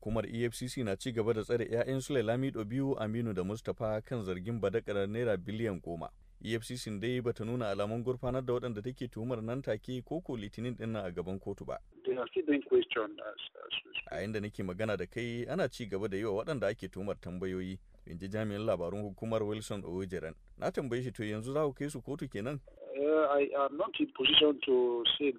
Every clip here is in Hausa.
Hukumar EFCC na ci gaba da tsare 'ya'yan Sule Lamido biyu Aminu da Mustapha kan zargin badakarar Naira biliyan goma. EFCC dai ba ta nuna alamun gurfanar da waɗanda take tuhumar nan take ko ko litinin ɗin a gaban kotu ba. A inda nake magana da kai ana ci gaba da yi wa waɗanda ake tuhumar tambayoyi. in ji jami'in labarun hukumar wilson owojeren na tambaye shi to yanzu za ku kai su kotu kenan Uh, I am not in position to say it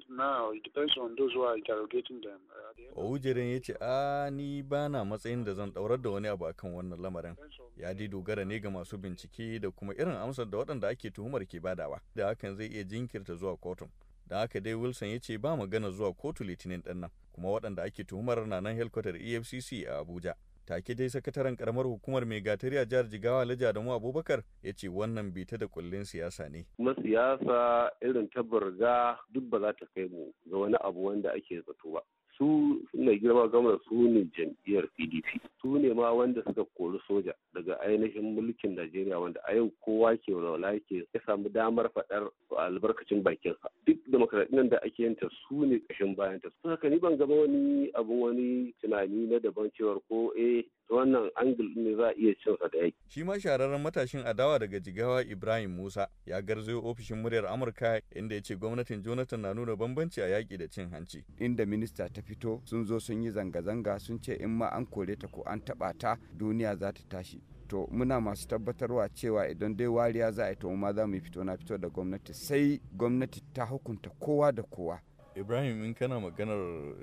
ya ce, "A ni ba na matsayin da zan ɗaurar da wani abu akan wannan lamarin. Ya dai dogara ne ga masu bincike da kuma irin amsar da waɗanda ake tuhumar ke badawa, da hakan zai iya jinkirta zuwa kotun. Da haka dai Wilson ya ce ba magana zuwa kotu litinin ɗin nan, kuma waɗanda ake tuhumar na nan helkwatar EFCC a Abuja. take dai sakataren karamar hukumar mai gatari a jihar jigawa alhaji adamu abubakar ya ce wannan bita da kullun siyasa ne kuma siyasa irin ta burga duk ba za ta kai mu ga wani abu wanda ake zato ba su suna girma gama su ne jam'iyyar pdp su ne ma wanda suka kori soja daga ainihin mulkin najeriya wanda a yau kowa ke walwala ke ya samu damar faɗar albarkacin bakinsa duk demokradiyyar da ake yin ta su ne kashin bayan ta su haka ni ban gaba wani abin wani tunani na daban cewar ko eh wannan angil ne za a iya cin sa da yaki. Shi ma shahararren matashin adawa daga jigawa Ibrahim Musa ya garzayo ofishin muryar Amurka inda ya ce gwamnatin Jonathan na nuna bambanci a yaƙi da cin hanci. Inda minista ta fito sun zo sun yi zanga-zanga sun ce in ma an kore ta ko an taɓa ta duniya za ta tashi. to muna masu tabbatarwa cewa idan dai wariya za a yi to ma za mu fito na fito da gwamnati sai gwamnati ta hukunta kowa da kowa ibrahim in kana maganar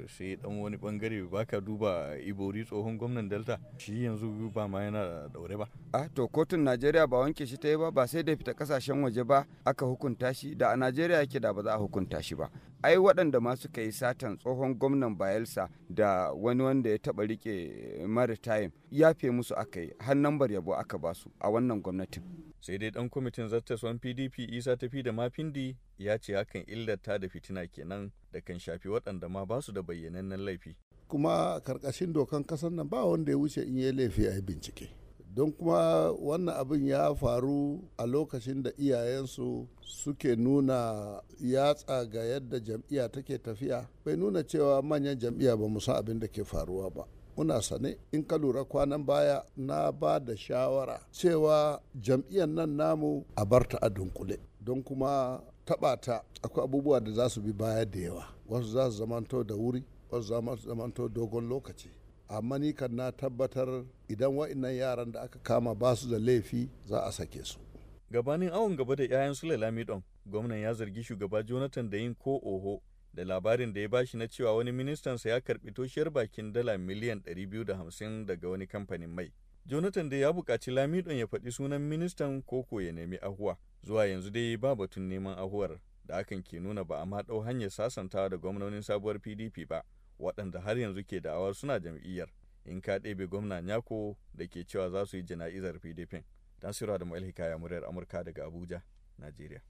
sai dan wani bangare baka duba ibori tsohon gwamnan delta shi yanzu ba ma yana daure ba ah to kotun najeriya ba wanke shi ta yi ba ba sai da fita kasashen waje ba aka hukunta shi da a najeriya yake da ba za a hukunta shi ba ai waɗanda masu suka yi satan tsohon gwamnan bayelsa da wani wanda ya taɓa rike maritime ya fe musu aka yi har nambar yabo aka ba su a wannan gwamnatin sai dai dan kwamitin zartaswan pdp isa tafi da mafindi ya ce hakan illata da fitina kenan da kan shafi waɗanda ma ba su da bayyanannen laifi. Kuma a karkashin dokan kasar nan ba wanda ya wuce in yi laifi a bincike. Don kuma wannan abin ya faru a lokacin da iyayensu suke nuna yatsa ga yadda jam'iyya take tafiya bai nuna cewa manyan jam'iyya ba mu san abin da ke faruwa ba. muna sane in ka lura kwanan baya na ba da shawara cewa jam'iyyar nan namu a barta a dunkule don kuma taba ta akwai abubuwa da za su bi baya da yawa wasu za su zamanto da wuri wasu za su zamanto dogon lokaci amma ni kan na tabbatar idan wa'innan yaran da aka kama ba su da laifi za a sake su gabanin awon gaba da 'ya'yan su lamidon gwamnan ya zargi shugaba jonathan da yin ko oho da labarin da ya bashi na cewa wani ministansa ya karbi toshiyar bakin dala miliyan 250 daga wani kamfanin mai Jonathan dai ya buƙaci Lamidon ya faɗi sunan ministan koko ya nemi ahuwa. Zuwa yanzu dai ba batun neman ahuwar da hakan ke nuna ba a ma ɗau hanyar sasantawa da gwamnonin sabuwar PDP ba, waɗanda har yanzu ke da'awar suna jam'iyyar. In ka ɗebe gwamna Nyako da ke cewa za su yi jana'izar PDP. Sirwa da El ya muryar Amurka daga Abuja, Najeriya.